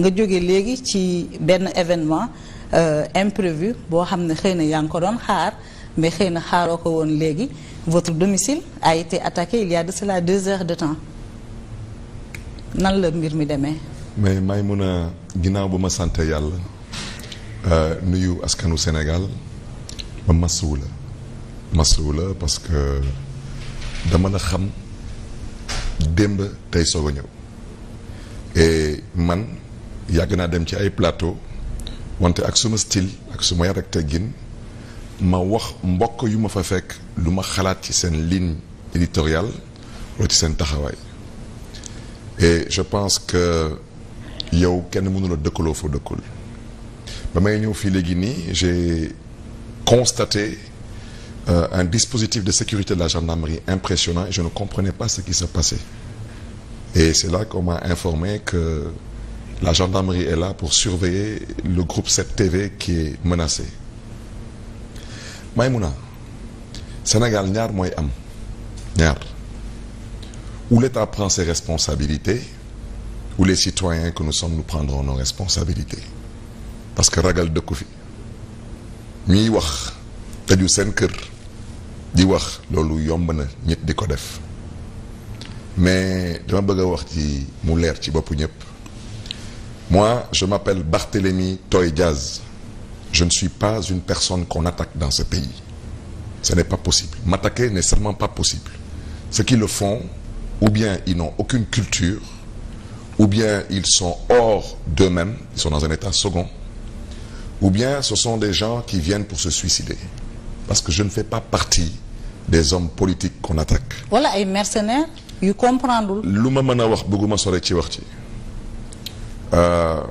nga jóge léegi ci benn événement euh, imprévu boo xam ne xëy na yaa ngi ko doon xaar mais xëy na xaaroo ko woon léegi votre domicile a été attaqué il y de cela deux heures de temps nan la mbir mi demee. mais may mun a ginnaaw ba ma sant yàlla euh, nuyu askanu Sénégal ma masuwu la masuwu la parce que dama la xam démb tey soog a ñëw et man. yàgg naa dem ci ay plateau wante ak suma style ak suma yar ak teggin ma wax mbokk yu ma fa fekk lu ma xalaat ci seen ligne éditoriale wala ci seen taxawaay et je pense que yow kenn mënula dëkkaloo foo dëkkul ba may ñëw fii léegi nii j'ai constaté euh, un dispositif de sécurité de la gendarmerie impressionnant et je ne comprenais pas ce qui se passait et c'est là qu'on m'a informé que La gendarmerie est là pour surveiller le groupe 7 TV qui est menacé Maïmouna Sénégal ñaar mooy am ñaar où l'État prend ses responsabilités où les citoyens que nous sommes nous prendrons nos responsabilités parce que ragal dëkku fi ñuy wax tëju seen kër di wax loolu yomb na ñit di ko def mais dama bëgg a wax ci mu leer ci boppu ñëpp Moi, je m'appelle Barthélémy Toye Diaz. Je ne suis pas une personne qu'on attaque dans ce pays. Ce n'est pas possible. M'attaquer n'est seulement pas possible. Ceux qui le font, ou bien ils n'ont aucune culture, ou bien ils sont hors d'eux-mêmes, ils sont dans un état second, ou bien ce sont des gens qui viennent pour se suicider. Parce que je ne fais pas partie des hommes politiques qu'on attaque. Voilà, et mercenaires, ils comprennent. Lu ma mën a wax bëgguma sore ci wax ci. Euh,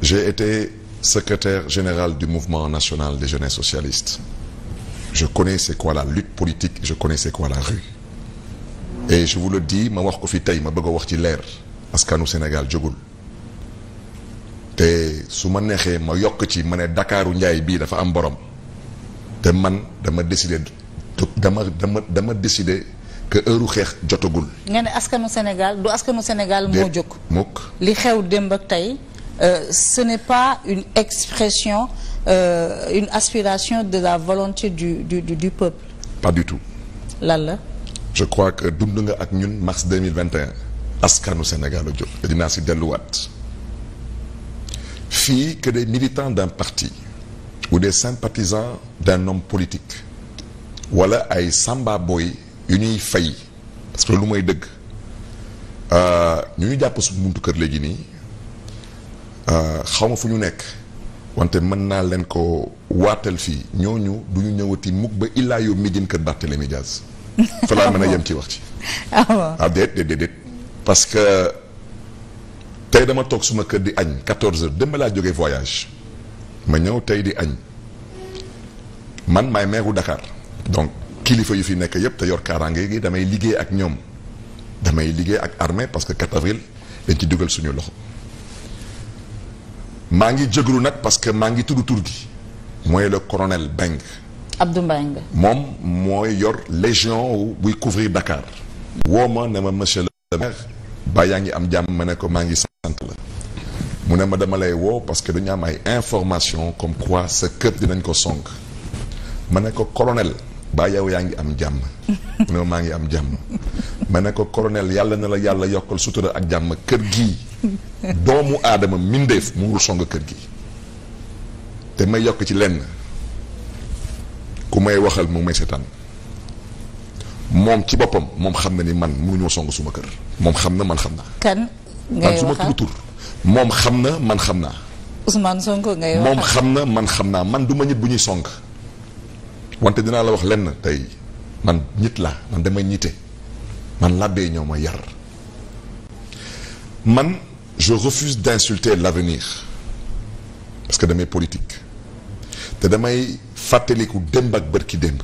j'ai été secrétaire général du mouvement national des jeunes socialistes. Je connais c'est quoi la lutte politique, je connais quoi la rue. Et je vous le ma wax ko fi tey ma bëgg wax ci leer askanu Sénégal jógul te su ma neexee ma yokk ci ma ne Dakaaru Njaay bii dafa am borom te man dama décider dama dama dama décider que heure xeex jotagul. nga ne askanu Sénégal du askanu Sénégal moo jóg. mukk li xew démb ak euh, ce n'est pas une expression euh, une aspiration de la volonté du peuple. pas du tout. lan la. je crois que dund nga ak ñun mars 2021 askanu Sénégal a jóg. dinaa si delluwaat fii que des militants d'un parti ou des sympathisants d'un homme politique wala ay Samba yu ñuy fay parce que lu mooy dëgg euh, ñu ñu jàpp suñu buntu kër léegi nii euh, xaw ma fu ñu nekk wante mën naa leen ko waatal fii ñooñu du ñu ñëwati mukk ba illaa yow mi din kër Barthélémy Diaz fa laa mën a yem ci wax ci ah, ah déet déet déet parce que tey dama toog suma kër di añ 14 heures démb laa jógee voyage ma ñëw tey di añ man maay meeru Dakar donc kilifa yu fi nekk yëpp te yor kaaraange gi damay liggéey ak ñoom damay liggéey ak armée parce que 4 avril dañ ci dugal suñu loxo maa ngi jéglu nag parce que maa ngi tudd tur gi mooy le colonel Beng. Abdou Mbengue. moom mooy yor légion buy couvrir Dakar. woo ma ne ma monsieur le maire ba yaa ngi am jàmm ma ne ko maa ngi sant la mu ne ma dama lay woo parce que dañu am ay information comme quoi sa kër dinañ ko song ma ne ko colonel. baa yaa ngi am jàmm non maa ngi am jàmm ma ne ko colonel yàlla na la yàlla yokkal sutura ak jàmm kër gii doomu aadama mindeef muur song kër gi te may yokk ci lenn ku may waxal mu may seetaan moom ci boppam moom xam na ni man mënuñoo song suma kër moom xam na man xam naa kan ngay moom xam na man xam naa Ousmane Sonko xam na man xam naa man du ma nit bu ñuy song wante dinaa la wax lenn tey man nit la man damay ñite man làbbee ñoo ma yar man je refuse d'insulter l'avenir parce que damay politique te damay fàttaliku démb ak bërki démb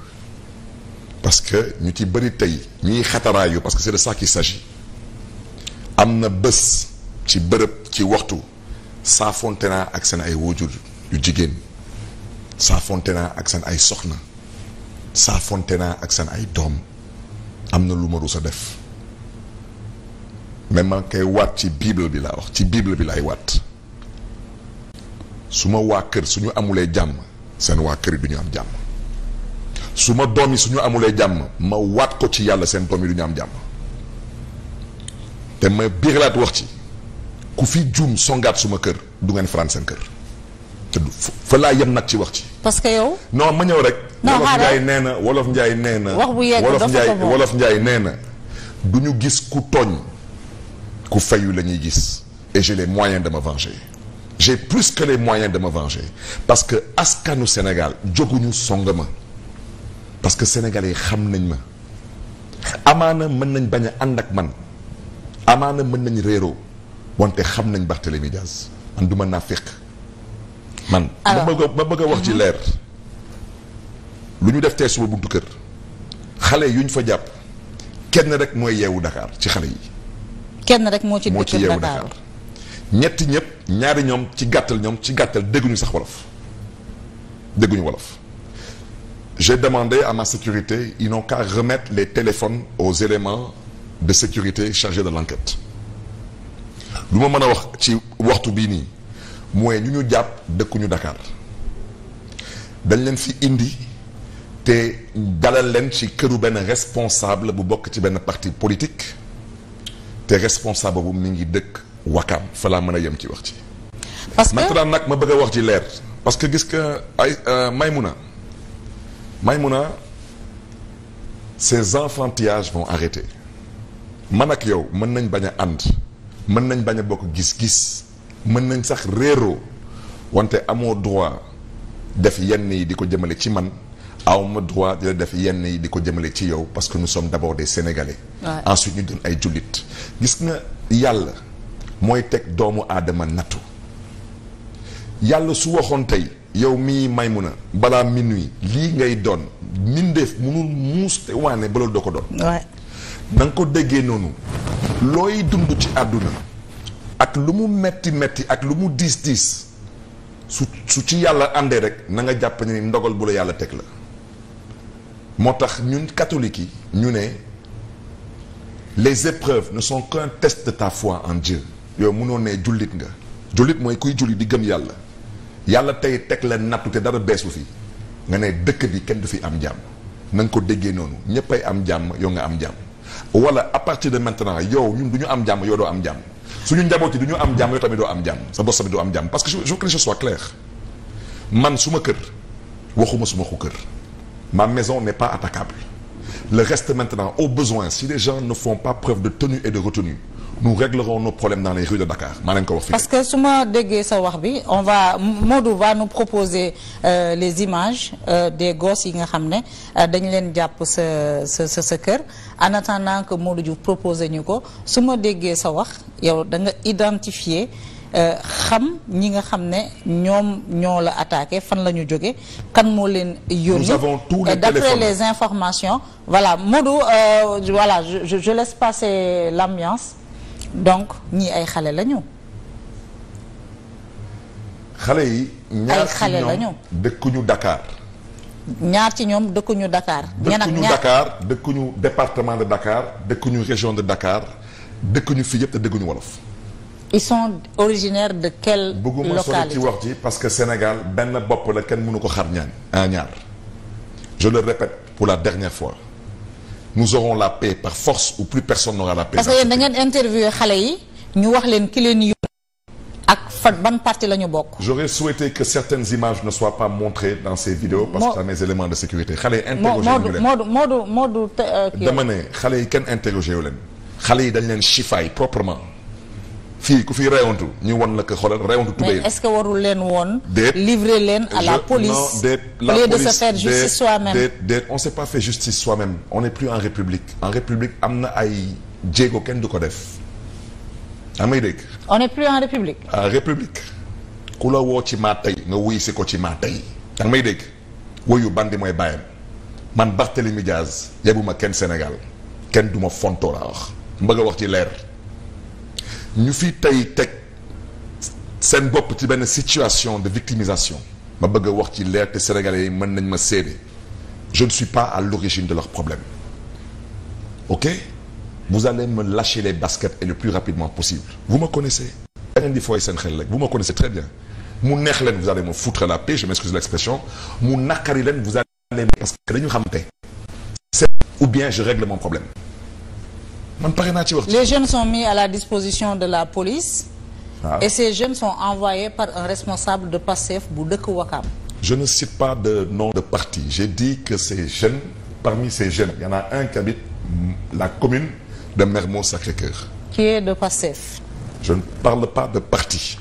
parce que ñu ci bëri tey ñuy xataraayu parce que c'est de ça qu'il s'agit am na bés ci bërëb ci waxtu saafonte naa ak seen ay wujur yu jigéen saafonte naa ak seen ay soxna saafonte naa ak seen ay doom am na lu ma rus a def mais kay waat ci bible bi laa wax ci bible bi laay waat su ma waa kër su ñu amulee jàmm seen waa kër yi du ñu am jàmm su ma doom yi su ñu amulee jàmm ma waat ko ci yàlla seen doom yi du ñu am jàmm te ma biiralaat wax ci ku fi juum songaat suma kër du ngeen faraan seen kër te fa laa yem nag ci wax ci. parce que yow. non ma ñëw rek. non xaaral nee na wolof Ndiaye nee na. wax bu yegg wolof Ndiaye wolof Ndiaye nee na. du ñu gis ku tooñ ku fayu la ñuy gis et j'ai les moyens de me venger j'ai plus que les moyens de me venger parce que askanu Sénégal jóguñu song ma parce que sénégalais xam nañ ma amaana mën nañ bañ a ànd ak man amaana mën nañ réeroo wante xam nañ Barthélémy Dias man du ma naa féq man ma bëgg ma bëgg a wax ci mhm. leer lu ñu def tey suba buntu kër xale yu ñu fa jàpp kenn rek mooy yeewu Dakar ci xale yi. kenn rek moo ci dëkk yeewu ñetti ñëpp ñaari ñoom ci gàttal ñoom ci gàttal dégguñu sax wolof dégguñu wolof. j'ai demandé à ma sécurité ils n'ont qu'à remettre les téléphones aux éléments de sécurité chargés de l'enquête lu ma mën a wax ci waxtu bii nii mooy ñu ñu jàpp dëkkuñu Dakar dañ leen fi indi. te dalal leen ci këru benn responsable bu bokk ci benn parti politique te responsable bu mi ngi dëkk Wakaam fa laa mën a yem ci wax ci. parce que maintenant nag ma bëgg a wax ji leer. parce que gis nga ay euh, Maïmouna Maïmouna ces enfantillages vont arrêter man ak yow mën nañ bañ a ànd mën nañ bañ a bokk gis-gis mën nañ sax réeroo wante amoo droit def yenn yi di ko jëmale ci man. aw ma droit di la def yenn yi di ko jëmale ci yow parce que nous sommes d'abord de sénégalais. Ouais. ensuite ñu doon ay jullit. gis nga yàlla mooy teg doomu aadama nattu yàlla su waxoon tey yow mii may mun a balaa minuit lii ngay doon mindeef munul muus te waane ba loolu doo ko doon. Ouais. ko déggee noonu looy dund ci àdduna ak lu mu metti metti ak lu mu diis diis su su ci yàlla àndee rek na nga jàpp ne ni ndogal bu la yàlla teg la moo tax ñun catholiques yi ñu ne les épreuves ne son qu'un test de ta fois en Dieu yow mënoo ne jullit nga jullit mooy kuy julli di gëm yàlla yàlla tey teg la nattu te dara beesu fi nga ne dëkk bi kenn du fi am jàmm na nga ko déggee noonu ñëppay am jàmm yow nga am jàmm wala à partir de maintenant yow ñun du ñu am jàmm yow doo am jàmm suñu njaboot yi du ñu am jàmm yow tamit doo am jàmm sa bos tamit doo am jàmm parce que je veux que les man suma kër waxuma suma xu kër ma maison n'est pas attaquable le reste maintenant au besoin si les gens ne font pas preuve de tenue et de retenue nous réglerons nos problèmes dans les rues de Dakar ko wax fii. parce que su ma déggee sa wax bi on va Modou va nous proposer euh, les images euh, des gosses yi nga xam ne euh, dañ leen jàpp sa sa sa kër en attendant que Modou Diouf proposé ñu ko su ma déggee sa wax yow da nga identifier. xam ñi nga xam ne ñoom ñoo la attaqué fan la ñu jóge kan moo leen yónni nous avons tous les téléphones d'après les informations voilà Modou euh, voilà je, je, je laisse passer l'ambiance donc ñii ay xale lañu xale yi ñaar ci ñoom dëkkuñu Dakar ñaar ci ñoom dëkkuñu Dakar dëkkuñu Dakar dëkkuñu département de Dakar dëkkuñu région de Dakar dëkkuñu fii yëpp te dëkkuñu wolof ils sont originaires de quelle localité bëgguma sori ci wax ji parce que Sénégal benn bopp la kenn mënu ko xar ñaan ah, ñaar je le répète pour la dernière fois nous aurons la paix par force ou plus personne n'aura la paix. parce que yéen da ngeen interviewé xale yi ñu wax leen ki leen yóbbu ak fan ban parti la ñu bokk. j'aurais souhaité que certaines images ne soient pas montrées dans ces vidéos parce que ça mes éléments de sécurité xale yi. interrogé wu leen Modou Modou euh, xale yi kenn interrogé wu leen. xale yi dañ leen chiffay proprement. fii ku fi reewantu ñu won la ko xoolal reewantu tubéy mais que warul leen woon. déet livrer leen à la police. non déet la police au on s'est pas fait justice soi-même on n'est plus en république. en république am na ay jéego kenn du ko def yaa may dégg. on n'est plus en république. ku la woo ci ma tey nga wuy si ko ci ma tey. yaa may dégg woyu bandi mooy bàyyam man Barthélémy Diaz yebuma kenn Sénégal kenn du ma fontoo laa wax mbëgg a wax ci leer. ñu fi tey teg seen bopp ci benn situation de victimisation ma bëgg a wax ci leer te sénégalais yi mën nañ ma séede je ne suis pas à l'origine de leur problème ok vous allez me lâcher les baskets et le plus rapidement possible vous me connaissez da ngeen di fooy seen xel rek vous me connaissez très bien mu neex leen vous allez me foutre la paix je m'excuse l'expression mu naqari leen vous allez parce que dañu xamante c'est ou bien je règle mon problème man pare naa ci wax. les jeunes sont mis à la disposition de la police. Ah. et ces jeunes sont envoyés par un responsable de Pastef bu dëkk Wakam. je ne cite pas de nom de parti j'ai dit que ces jeunes parmi ces jeunes il y en a un qui habite la commune de Mermoz Sacré-Cœur. qui est de Pastef. je ne parle pas de parti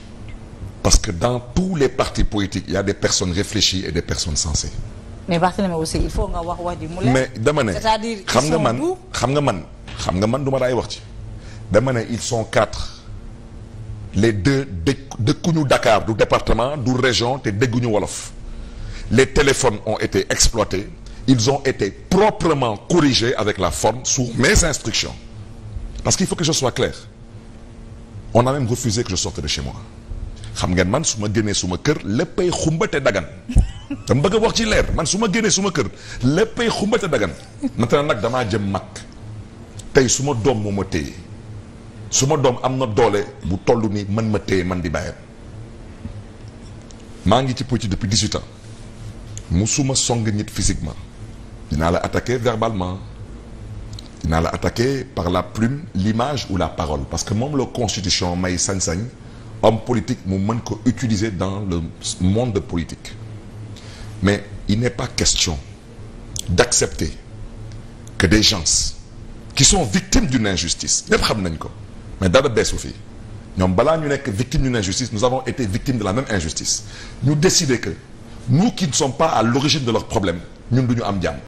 parce que dans tous les partis politiques il y a des personnes réfléchies et des personnes sensées. mais Barthélémy nga wax wax ji mu leer. mais dama c'est-à-dire xam nga man xam nga man. xam nga man du ma daay wax ci dama ne ils sont quatre les deux dëkkuñu Dakar du département du région te dégguñu wolof les téléphones ont été exploités ils ont été proprement corrigés avec la forme sous mes instructions parce qu'il faut que je sois clair on a même refusé que je sorte de chez moi xam ngeen man su ma génnee suma kër léppay xumbate dagan dama bëgg wax ci leer man su ma génnee suma kër xumba xumbate dagan maintenant nag damaa jëm mag tey su ma doom moo ma téye su ma doom am na doole bu toll nii man ma téye man di bàyyam maa ngi ci politique depuis dix-huit ans musuma song nit physiquement dinaa la attaquer verbalement naa la attaquer par la plume l'image ou la parole parce que moom la constitution may sañ-sañ homme politique mu mën ko utiliser dans le monde politique mais il n'est pas question d'accepter que des gens qui sont victimes d'une injustice ñëpp xam nañ ko mais dara beesu fii ñoom balaa ñu nekk victime d'une injustice nous avons été victimes de la même injustice ñu décider que nous qui ne sommes pas à l'origine de leurs problèmes ñun du ñu am jàmm